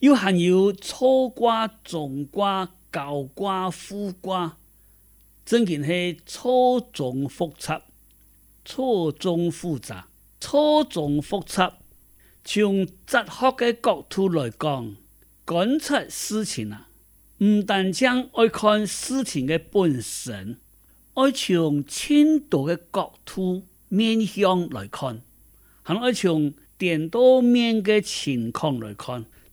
又含有錯卦、綜卦、交卦、互卦，整件係錯綜複雜、錯綜複雜、錯綜複雜。從哲學嘅角度來講，觀察事情啊，唔但將愛看事情嘅本身，愛從相對嘅角度面向來看，還愛從顛倒面嘅情況來看。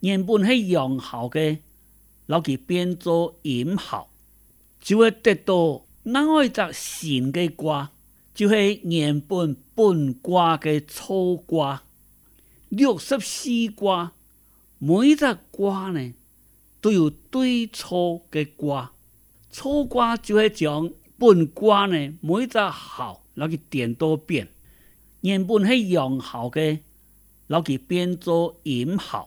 原本係陽爻嘅，攞佢變做陰爻，就會得到另外一隻新嘅卦，就係原本本卦嘅錯卦，六十四卦，每一隻卦呢都有對錯嘅卦，錯卦就會將本卦呢每一隻爻攞佢點多變，原本係陽爻嘅，攞佢變做陰爻。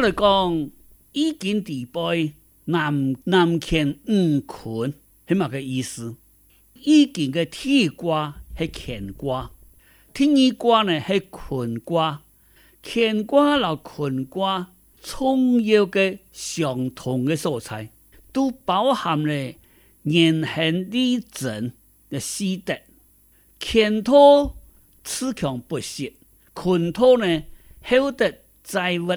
嚟講，易經地背南南乾，女坤，起嘛，嘅意思，易經嘅第一卦係乾卦，第二卦呢係坤卦，乾卦同坤卦，所有嘅相同嘅素材都包含咧，元亨利貞嘅四德，乾道自強不息，坤道呢厚德載物。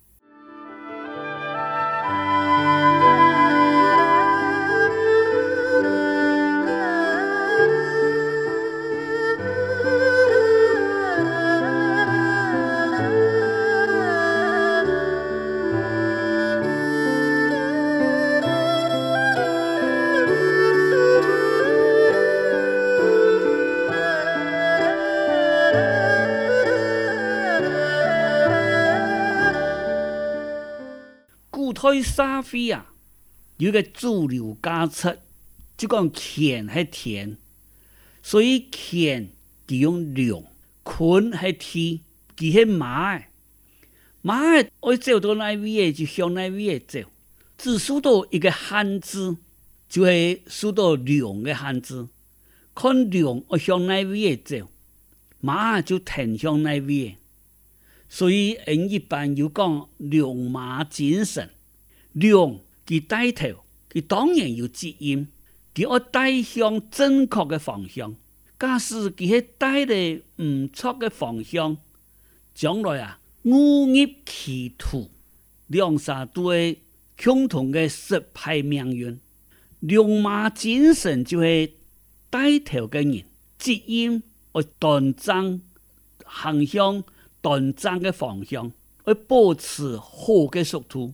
開沙飛啊！有一個主流價值，就講乾係天，所以乾要用龍，坤係地，佢係馬嘅。馬我走到那邊就向那邊嘅走，只受到一個限制，就會受到龍嘅限制，看龍我向那邊嘅走，馬就田向那邊。所以人一般有講龍馬精神。量佢帶頭，佢當然有責任；佢要帶向正確嘅方向，假使佢喺帶嚟唔錯嘅方向，將來啊誤入歧途，兩沙都係相同嘅失敗命運。龍馬精神就係帶頭嘅人，責任要端正，行向端正嘅方向，要保持好嘅速度。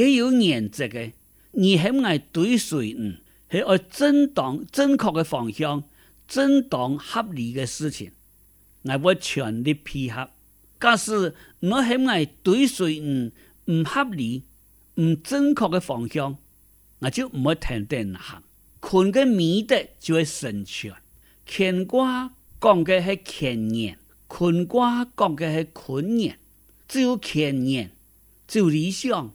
佢有原則嘅，而係唔係對水嗯，係愛正當正確嘅方向，正當合理嘅事情，係我全力配合。假使唔係唔對水嗯，唔合理，唔正確嘅方向，我就唔會停頓行。坤嘅美德就係成全，乾卦講嘅係乾元，坤卦講嘅係坤元，只有乾元，只有理想。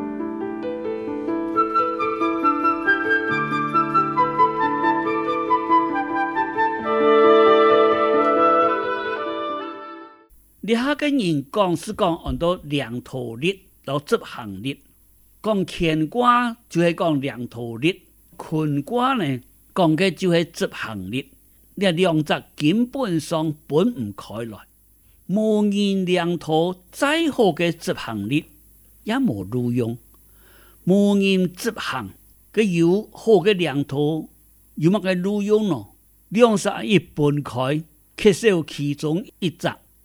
而家嘅人講是講按到領導力到執行力，講乾卦就係講領導力，坤卦呢講嘅就係執行力，呢兩隻根本上分唔開來。無人領導再好嘅執行力也冇路用，無人執行佢有好嘅領導又乜嘅路用咯？兩隻一分開，缺少其中一隻。